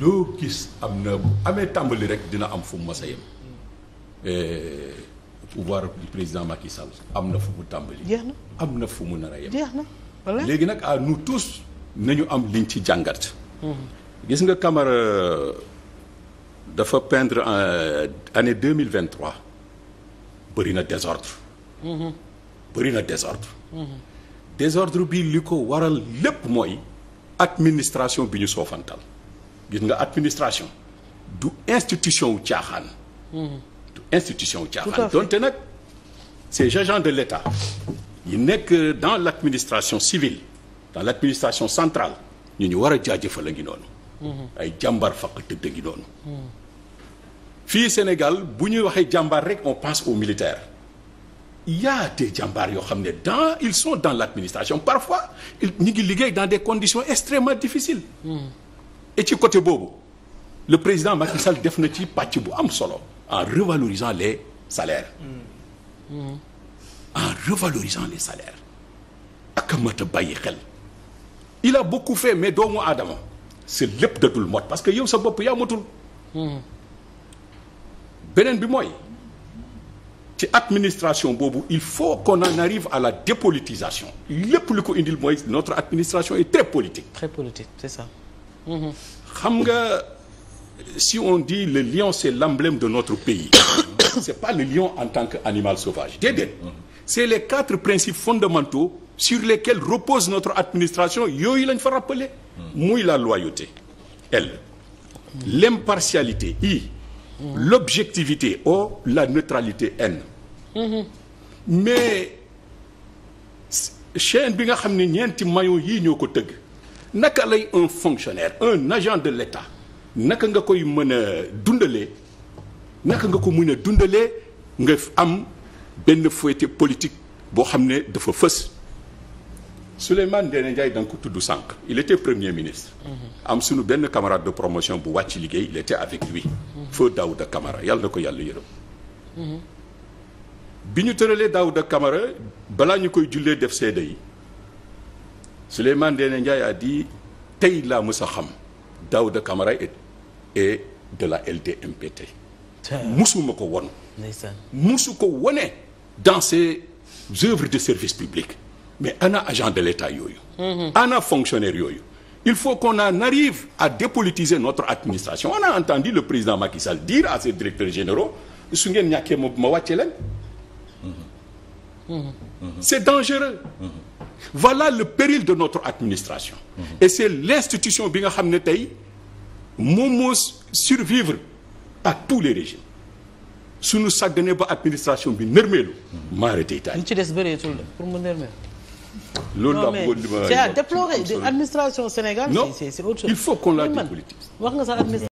loo gis am na bu amee tàmbali rek dina am fu mu mës a yem mm. eh, pouvoir du président Macky am na fu mu tàmbali. jeex na am na fu mu nar a yem. léegi nag à nous tous nañu am liñ ci jàngat. Mm-hmm. gis nga Camara dafa peindre en année deux mille vingt trois bëri na désordre. Mm-hmm. bëri na désordre. Mm-hmm. désordre bi li ko waral lépp mooy administration bi ñu soofantal. gis nga administration du institution wu caaxaan. du institution wu caaxaan. donte nag ces agents de l'État yi nekk dans l'administration civile dans l'administration centrale ñu ñu war a jaajëfal a ngi noonu. ay jàmbar faq tëdd a ngi noonu. fii Sénégal bu ñuy waxee jàmbaar rek on pense aux militaires il y a yoo xam ne dans ils sont dans l'administration parfois ñu ngi liggéey dans des conditions extrêmement difficiles. Hmm. et ci côté boobu le président Macky Sall def na ci pàcc bu am solo en revalorisant les salaire Mmh. en revalorisant les salaires ak mat a bàyyi xel. il a beaucoup fait mais doomu aadama c'est lépp dadul mot parce que yow sa bopp yaa matul. Mm-hmm. beneen bi mooy ci administration boobu il faut qu'on en arrive à la dépolitisation lépp lu ko indil mooy notre administration est très politique. très politique c'est ça. xam nga si on dit le lion c'est l'emblème de notre pays c'est pas le lion en tant que qu'animal sauvage déedéet mm-hmm. c'est les quatre principes fondamentaux sur lesquels repose notre administration yooyu lañ fa rappeler mm-hmm. muy la loyauté L l'impartialité I mm-hmm. l'objectivité O la neutralité N mais chaîne bi nga xam ne ñeenti maillon yii ñoo ko tëgg naka lay un fonctionnaire un agent de l'État naka nga koy mën a dundalee naka nga ko mën a dundale nga am benn feuilleté politique boo xam ne dafa fës Souleymane Ndéné Ndiaye da nga ko tudd sànq il était premier ministre mhm. am suñu benn camarade de promotion bu wàcc liggéey il était avec lui mhm. feu Daouda kamara yàlla na ko yàlla yërëm mhm. bi ñu tëralee Daouda kamara balaa ñu koy jullee def seede yi Souleymane Ndéné Ndiaye a dit tey la mës a xam Daouda Camara et de la LDMPT musuma ko won musu ko wone dans ses œuvres de service public mais ana agent de l'État yooyu mhm. ana fonctionnaire yooyu il faut qu'on en arrive à dépolitiser notre administration on a entendu le président Macky Sall dire à ses directeurs généraux su ngeen ñàkkee ma ma wàcce leen mhm. c'est dangereux mhm. voilà le péril de notre administration mmh. et c'est l'institution bi nga xam ne tey moom moo survivre à tous les régimes suñu sàgganee ba administration bi nërmeelu maare tey taal ci des bëreetul pour mu nërmeel loolu laa bëggoon li ma c'est à déplorer administration Sénégal non il faut qu'on la dépolitise wax